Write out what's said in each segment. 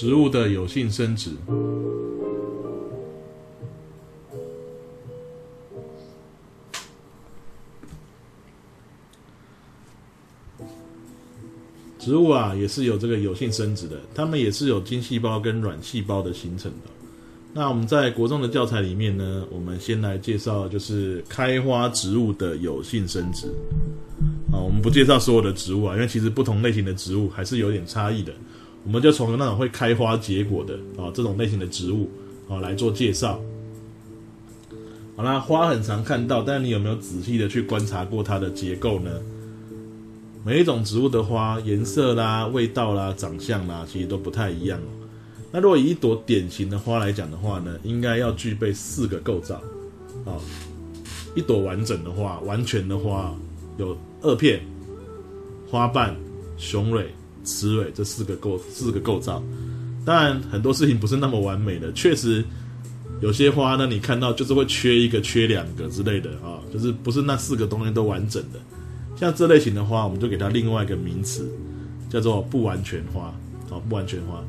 植物的有性生殖，植物啊也是有這個有性生殖的，它們也是有精細胞跟卵細胞的形成的。那我們在國中的教材裡面呢，我們先來介紹就是開花植物的有性生殖。啊，我們不介紹所有的植物啊，因為其實不同類型的植物還是有點差異的。我們就從那種會開花結果的啊這種類型的植物啊來做介紹。好啦，花很常看到，但是你有沒有仔細的去觀察過它的結構呢？每一種植物的花顏色啦、味道啦、長相啦，其實都不太一樣哦。那如果以一朵典型的花來講的話呢，應該要具備四個構造。啊，一朵完整的花，完全的花有萼片、花瓣、雄蕊。雌蕊，這四個構四個構造。當然很多事情不是那麼完美的，確實有些花呢，你看到就是會缺一個、缺兩個之類的啊、哦，就是不是那四個東西都完整的。像這類型的花，我們就給它另外一個名詞，叫做不完全花，啊、哦。不完全花。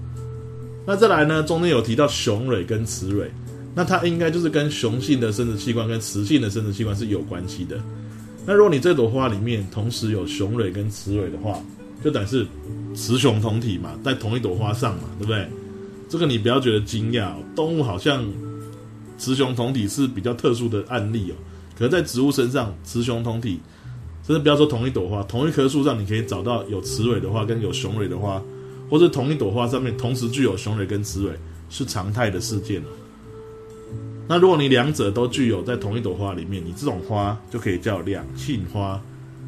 那再來呢，中間有提到雄蕊跟雌蕊，那它應該就是跟雄性的生殖器官跟雌性的生殖器官是有關係的。那如果你這朵花裡面同時有雄蕊跟雌蕊的話，就等於是雌雄同體嘛，在同一朵花上嘛，對不對？這個你不要覺得驚訝哦，動物好像雌雄同體是比較特殊的案例哦。可是在植物身上，雌雄同體真的不要說同一朵花，同一棵樹上你可以找到有雌蕊的花跟有雄蕊的花，或是同一朵花上面同時具有雄蕊跟雌蕊，是常態的事件哦。那如果你兩者都具有在同一朵花裡面，你這種花就可以叫兩性花。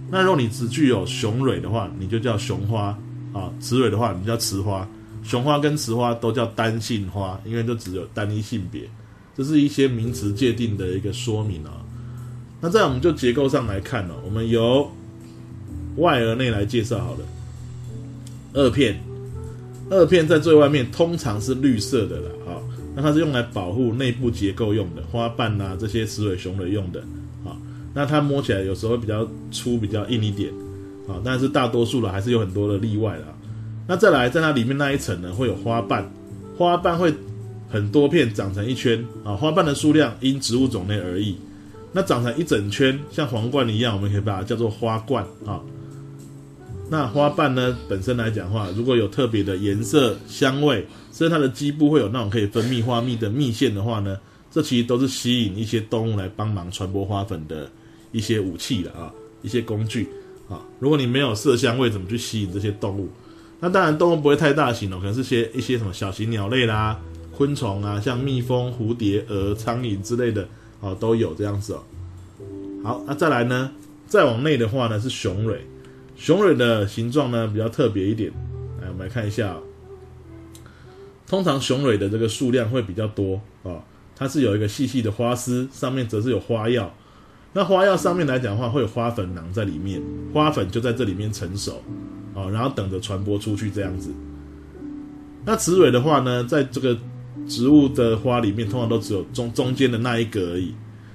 那如果你只具有雄蕊的話，你就叫雄花啊；雌蕊的話，你叫雌花。雄花跟雌花都叫單性花，因為都只有單一性別。這是一些名詞界定的一個說明啊。那這樣我們就結構上來看呢、啊，我們由外而內來介紹好了。萼片，萼片在最外面通常是綠色的了，啊，那它是用來保護內部結構用的，花瓣啊，這些雌蕊雄蕊用的，啊。那它摸起來有時候會比較粗，比較硬一點，啊，但是大多數的還是有很多的例外的。那再來，在它裡面那一層呢，會有花瓣，花瓣會很多片長成一圈，啊，花瓣的數量因植物種類而異。那長成一整圈，像皇冠一樣，我們可以把它叫做花冠，啊。那花瓣呢，本身來講的話，如果有特別的顏色、香味，甚至它的基部會有那種可以分泌花蜜的蜜腺的話呢，這其實都是吸引一些動物來幫忙傳播花粉的。一些武器的啊，一些工具啊，如果你沒有色香味，怎麼去吸引這些動物？那當然，動物不會太大型哦，可能是些一些什麼小型鳥類啦、昆蟲啊，像蜜蜂、蝴蝶、蛾、蒼蠅之類的，都有這樣子哦。好，那、啊、再來呢，再往內的話呢，是雄蕊，雄蕊的形狀呢比較特別一點，來我們來看一下、哦，通常雄蕊的這個數量會比較多啊、哦，它是有一個細細的花絲，上面則是有花藥。那花藥上面來講的話，會有花粉囊在裡面，花粉就在這裡面成熟，啊、哦，然後等着傳播出去這樣子。那雌蕊的話呢，在這個植物的花裡面，通常都只有中中間的那一個而已。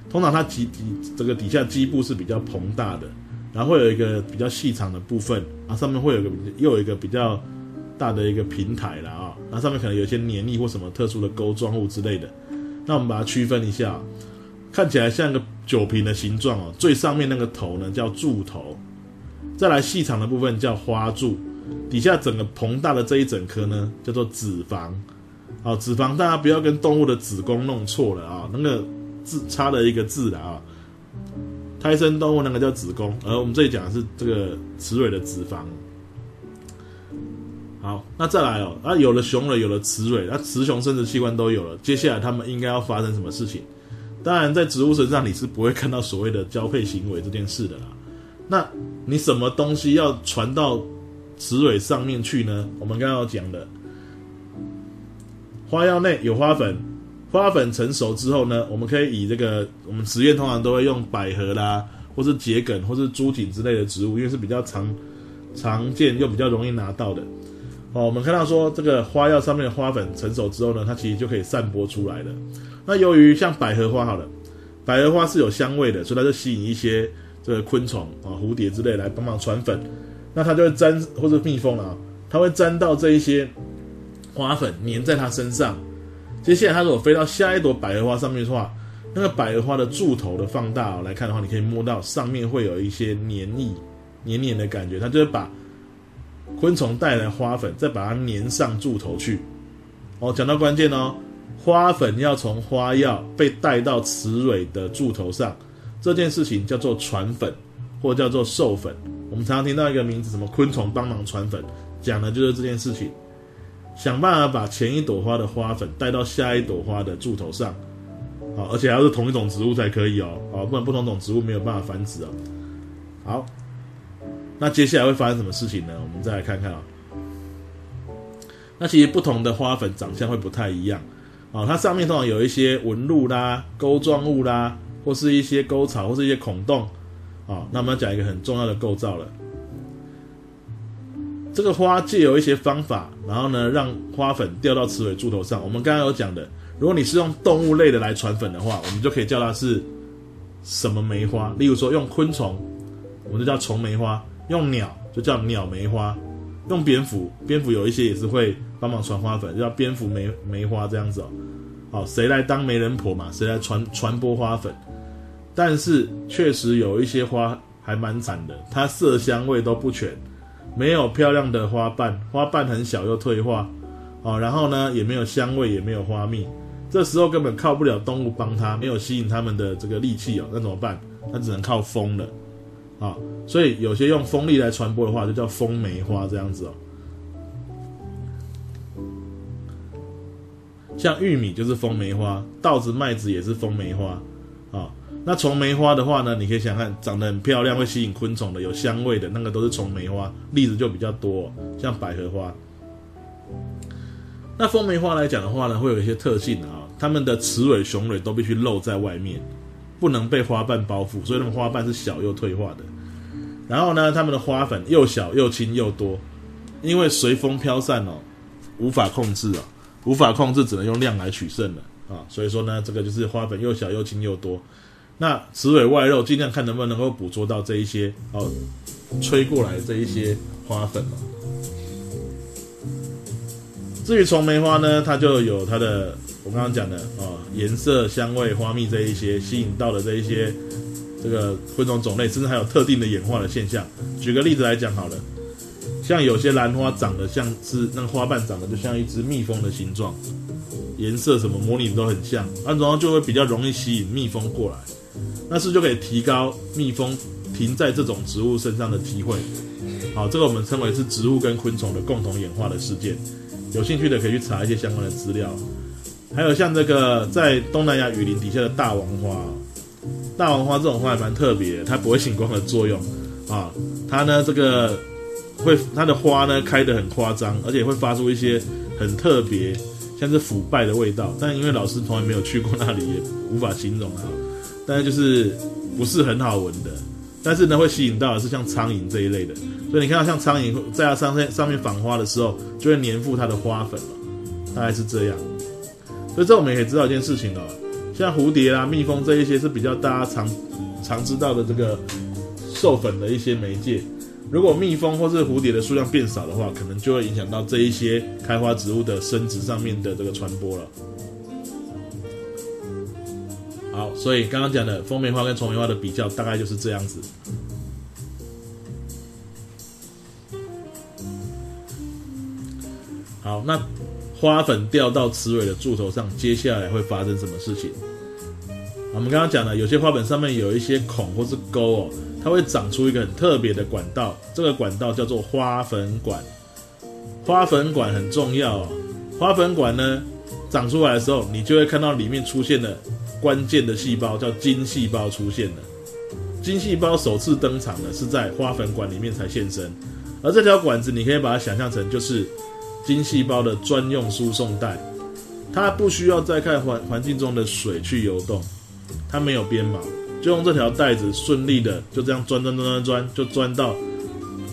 通常它基底這個底下基部是比較膨大的，然後會有一個比較細長的部分，啊，上面會有一個又有一個比較大的一個平台了啊，那、哦、上面可能有一些黏液或什麼特殊的鈎狀物之類的。那我們把它區分一下，看起來像個。酒瓶的形狀哦，最上面那個頭呢叫柱頭，再來細長的部分叫花柱，底下整個膨大的這一整顆呢叫做子房。好，子房，大家不要跟動物的子宮弄錯了啊、哦，那個字差了一個字的啊、哦。胎生動物那個叫子宮，而我們這裡講的是這個雌蕊的子房。好，那再來哦，啊有熊，有了雄蕊，有了雌蕊，那雌雄生殖器官都有了，接下來他們應該要發生什麼事情？當然，在植物身上你是不會看到所謂的交配行為這件事的啦。那你什麼東西要傳到雌蕊上面去呢？我們剛剛講的，花藥內有花粉，花粉成熟之後呢，我們可以以這個我們實驗通常都會用百合啦，或是桔梗或是朱槿之類的植物，因為是比較常常見又比較容易拿到的。哦，我們看到說這個花藥上面的花粉成熟之後呢，它其實就可以散播出來了。那由於像百合花好了，百合花是有香味的，所以它就吸引一些這個昆蟲啊、蝴蝶之類來幫忙傳粉。那它就會粘，或者蜜蜂啊，它會粘到這一些花粉，粘在它身上。接下來，它如果飛到下一朵百合花上面的話，那個百合花的柱頭的放大哦，來看的話，你可以摸到上面會有一些黏液，黏黏的感覺，它就會把。昆蟲帶來花粉，再把它粘上柱頭去。哦，講到關鍵哦，花粉要從花藥被帶到雌蕊的柱頭上，這件事情叫做傳粉，或叫做授粉。我們常常聽到一個名字，什麼昆蟲幫忙傳粉，講的就是這件事情。想辦法把前一朵花的花粉帶到下一朵花的柱頭上，好，哦，而且還是同一種植物才可以哦，哦，不然不同種植物沒有辦法繁殖哦。好。那接下來會發生什麼事情呢？我們再來看看啊、哦。那其實不同的花粉長相會不太一樣，哦、它上面通常有一些紋路啦、溝狀物啦，或是一些溝槽或是一些孔洞，哦、那我們要講一個很重要的構造了。這個花藉有一些方法，然後呢，讓花粉掉到雌蕊柱頭上。我們剛剛有講的，如果你是用動物類的來傳粉的話，我們就可以叫它是什麼媒花，例如說用昆蟲，我們就叫蟲媒花。用鳥就叫鳥媒花，用蝙蝠，蝙蝠有一些也是會幫忙傳花粉，就叫蝙蝠媒，媒花這樣子哦。好、哦，誰來當媒人婆嘛？誰來傳傳播花粉？但是確實有一些花還蠻慘的，它色香味都不全，沒有漂亮的花瓣，花瓣很小又退化，哦，然後呢也沒有香味，也沒有花蜜，這時候根本靠不了動物幫它，沒有吸引它們的這個利器哦，那怎麼辦？它只能靠風了。啊、哦，所以有些用風力來傳播的話，就叫風媒花這樣子哦。像玉米就是風媒花，稻子、麥子也是風媒花。啊、哦，那蟲媒花的話呢，你可以想看，長得很漂亮，會吸引昆蟲的，有香味的，那個都是蟲媒花，例子就比較多，哦，像百合花。那風媒花來講的話呢，會有一些特性啊，哦，它們的雌蕊、雄蕊都必須露在外面。不能被花瓣包覆，所以那麼花瓣是小又退化的。然後呢，它們的花粉又小又輕又多，因為隨風飄散哦，無法控制哦，無法控制，只能用量來取勝了啊。所以說呢，這個就是花粉又小又輕又多。那雌蕊外露，儘量看能不能夠捕捉到這一些哦，啊，吹過來這一些花粉哦。至於蟲媒花呢，它就有它的，我剛剛講的啊，顏色、香味、花蜜這一些，吸引到的這一些這個昆蟲種類，甚至還有特定的演化的現象。舉個例子來講好了，像有些蘭花長得像是那個花瓣長得就像一隻蜜蜂的形狀，顏色什麼模擬都很像，那然後就會比較容易吸引蜜蜂過來，那是就可以提高蜜蜂停在這種植物身上的機會。好，這個我們稱為是植物跟昆蟲的共同演化的事件。有興趣的可以去查一些相關的資料，還有像這個在東南亞雨林底下的大王花，大王花這種花還蠻特別，它不會行光合作用啊，它呢這個會它的花呢開得很誇張，而且會發出一些很特別像是腐敗的味道，但因為老師從來沒有去過那裡，也無法形容它。但是就是不是很好聞的，但是呢會吸引到的是像蒼蠅這一類的。所以你看到像蒼蠅在它上面上面訪花的時候，就會粘附它的花粉，大概是這樣。所以這我們也可以知道一件事情哦，像蝴蝶啦、蜜蜂這一些是比較大家常常知道的這個授粉的一些媒介。如果蜜蜂或是蝴蝶的數量變少的話，可能就會影響到這一些開花植物的生殖上面的這個傳播了。好，所以剛剛講的風媒花跟蟲媒花的比較，大概就是這樣子。好，那花粉掉到雌蕊的柱頭上，接下來會發生什麼事情？我們剛剛講了，有些花粉上面有一些孔或是溝哦，它會長出一個很特別的管道，這個管道叫做花粉管。花粉管很重要哦，花粉管呢長出來的時候，你就會看到裡面出現了關鍵的細胞，叫精細胞出現了。精細胞首次登場的是在花粉管裡面才現身。而這條管子，你可以把它想象成就是。精細胞的專用輸送帶，它不需要再看環環境中的水去游動，它沒有鞭毛，就用這條帶子順利的就這樣鑽鑽鑽鑽鑽，就鑽到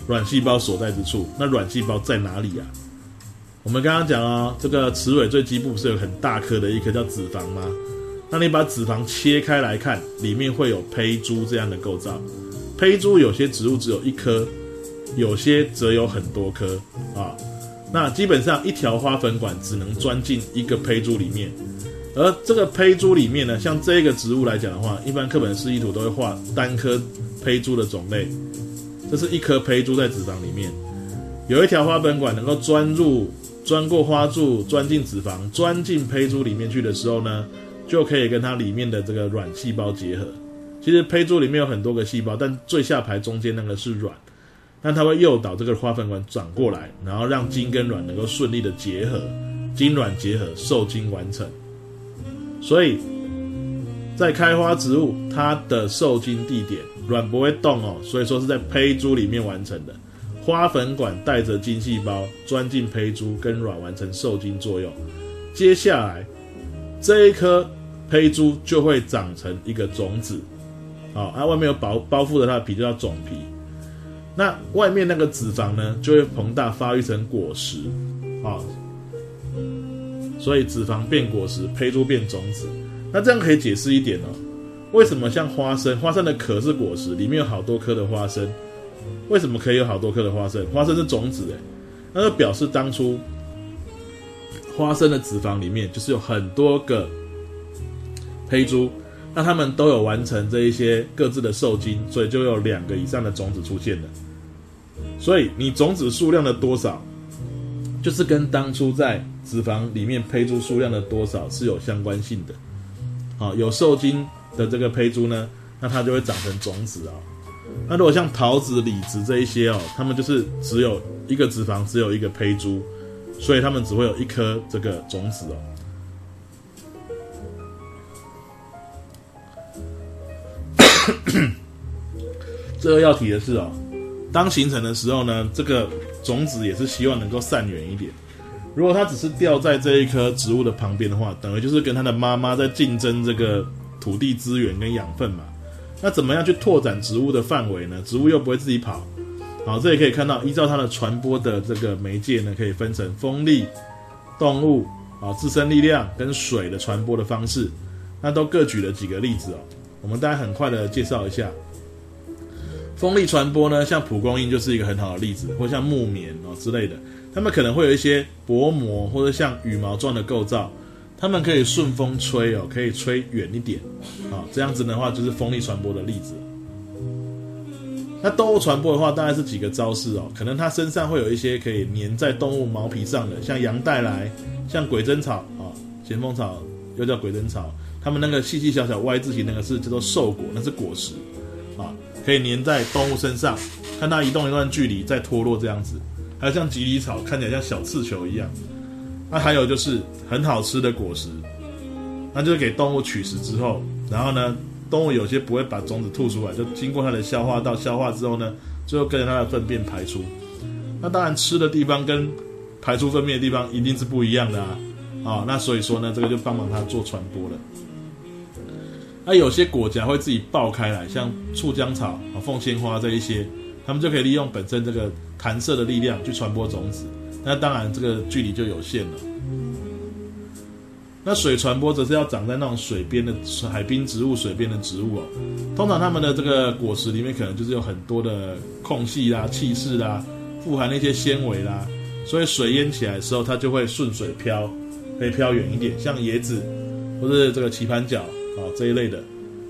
卵細胞所在之處。那卵細胞在哪裡啊？我們剛剛講啊，這個雌蕊最基部是有很大顆的一顆叫子房嗎？那你把子房切開來看，裡面會有胚珠這樣的構造。胚珠有些植物只有一顆，有些則有很多顆啊。那基本上一條花粉管只能鑽進一個胚珠裡面，而這個胚珠裡面呢，像這個植物來講的話，一般課本示意圖都會畫單顆胚珠的種類。這是一顆胚珠在子房裡面，有一條花粉管能夠鑽入、鑽過花柱、鑽進子房，鑽進胚珠裡面去的時候呢，就可以跟它裡面的這個卵細胞結合。其實胚珠裡面有很多個細胞，但最下排中間那個是卵。但它會誘導這個花粉管轉過來，然後讓精跟卵能夠順利的結合，精卵結合受精完成。所以，在開花植物，它的受精地點卵不會動哦，所以說是在胚珠裡面完成的。花粉管帶着精細胞鑽進胚珠，跟卵完成受精作用。接下來，這一顆胚珠就會長成一個種子。好、哦，它、啊、外面有包包覆的它的皮，就叫種皮。那外面那個子房呢，就會膨大發育成果實，啊、哦，所以子房變果實，胚珠變種子。那這樣可以解釋一點哦，為什麼像花生，花生的殼是果實，裡面有好多顆的花生，為什麼可以有好多顆的花生？花生是種子，哎，那就表示當初花生的子房裡面就是有很多個胚珠。那他們都有完成這一些各自的受精，所以就有兩個以上的種子出現了。所以你種子數量的多少，就是跟當初在子房裡面胚珠數量的多少是有相關性的。好，有受精的這個胚珠呢，那它就會長成種子啊、哦。那如果像桃子、李子這一些哦，它們就是只有一個子房，只有一個胚珠，所以它們只會有一顆這個種子哦。 最後要提的是哦，當形成的時候呢，這個種子也是希望能夠散遠一點。如果它只是掉在這一棵植物的旁邊的話，等於就是跟它的媽媽在競爭這個土地資源跟養分嘛。那怎麼樣去拓展植物的範圍呢？植物又不會自己跑。好、哦，這也可以看到，依照它的傳播的這個媒介呢，可以分成風力、動物、啊、哦、自身力量跟水的傳播的方式，那都各舉了幾個例子哦。我們大家很快的介紹一下，風力傳播呢，像蒲公英就是一個很好的例子，或像木棉哦之類的，它們可能會有一些薄膜或者像羽毛狀的構造，它們可以順風吹哦，可以吹遠一點，啊，這樣子的話就是風力傳播的例子。那動物傳播的話，大概是幾個招式哦，可能它身上會有一些可以粘在動物毛皮上的，像羊帶來，像鬼針草啊，咸豐草又叫鬼針草。他們那個細細小小 Y 字形那個是叫做瘦果，那是果實啊，可以粘在動物身上，看它移動一段距離再脫落這樣子。還有像蒺藜草，看起來像小刺球一樣。那還有就是很好吃的果實，那就是給動物取食之後，然後呢，動物有些不會把種子吐出來，就經過它的消化道消化之後呢，最後跟着它的糞便排出。那當然吃的地方跟排出糞便的地方一定是不一樣的啊。啊，那所以說呢，這個就幫忙它做傳播了。那有些果莢會自己爆開來，像酢漿草啊、鳳仙花這一些，它們就可以利用本身這個彈射的力量去傳播種子。那當然，這個距離就有限了。那水傳播則是要長在那種水邊的海濱植物、水邊的植物、哦、通常它們的這個果實裡面可能就是有很多的空隙啦、氣室啦，富含那些纖維啦，所以水淹起來的時候，它就會順水飄，可以飄遠一點。像椰子或是這個棋盤腳。啊，這一類的，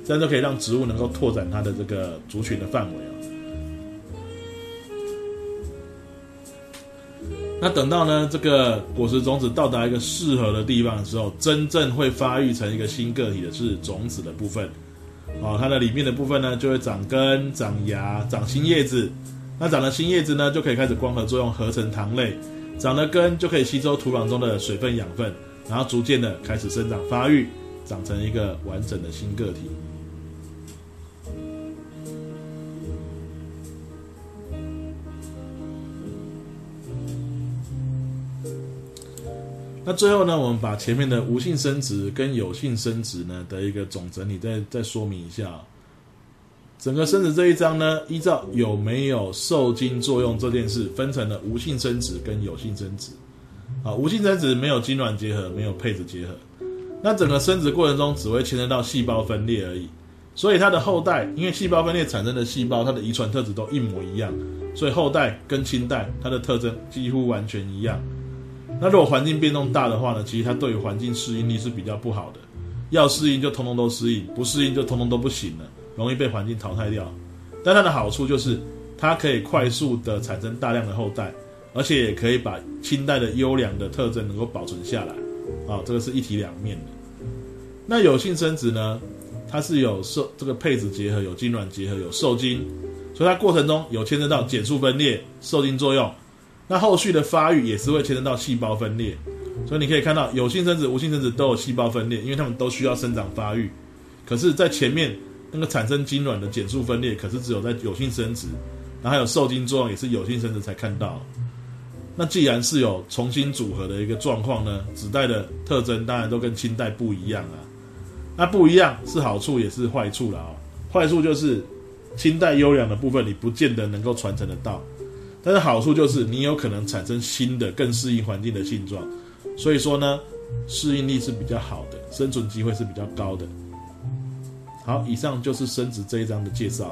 這樣就可以讓植物能夠拓展它的這個族群的範圍啊。那等到呢，這個果實種子到達一個適合的地方的時候，真正會發育成一個新個體的是種子的部分。啊，哦，它的裡面的部分呢，就會長根、長芽、長新葉子。那長了新葉子呢，就可以開始光合作用，合成糖類；長了根，就可以吸收土壤中的水分、養分，然後逐漸的開始生長發育。長成一個完整的新個體。那最後呢，我們把前面的無性生殖跟有性生殖呢的一個總整理再再說明一下哦。整個生殖這一章呢，依照有沒有受精作用這件事，分成了無性生殖跟有性生殖。啊，無性生殖沒有精卵結合，沒有配子結合。那整個生殖過程中只會牽扯到細胞分裂而已，所以它的後代因為細胞分裂產生的細胞，它的遺傳特質都一模一樣，所以後代跟親代它的特徵幾乎完全一樣。那如果環境變動大的話呢？其實它對於環境適應力是比較不好的，要適應就通通都適應，不適應就通通都不行了，容易被環境淘汰掉。但它的好處就是它可以快速的產生大量的後代，而且也可以把親代的優良的特徵能夠保存下來。啊，這個是一體兩面的。那有性生殖呢？它是有受這個配子結合，有精卵結合，有受精，所以它過程中有牽涉到減數分裂、受精作用。那後續的發育也是會牽涉到細胞分裂。所以你可以看到，有性生殖、無性生殖都有細胞分裂，因為它們都需要生長發育。可是，在前面那個產生精卵的減數分裂，可是只有在有性生殖，然後還有受精作用也是有性生殖才看到。那既然是有重新組合的一個狀況呢，子代的特徵當然都跟親代不一樣啊。那、啊、不一樣，是好處也是壞處了啊、哦。壞處就是，親代優良的部分你不見得能夠傳承得到。但是好處就是，你有可能產生新的、更適應環境的性狀。所以說呢，適應力是比較好的，生存機會是比較高的。好，以上就是生殖這一章的介紹。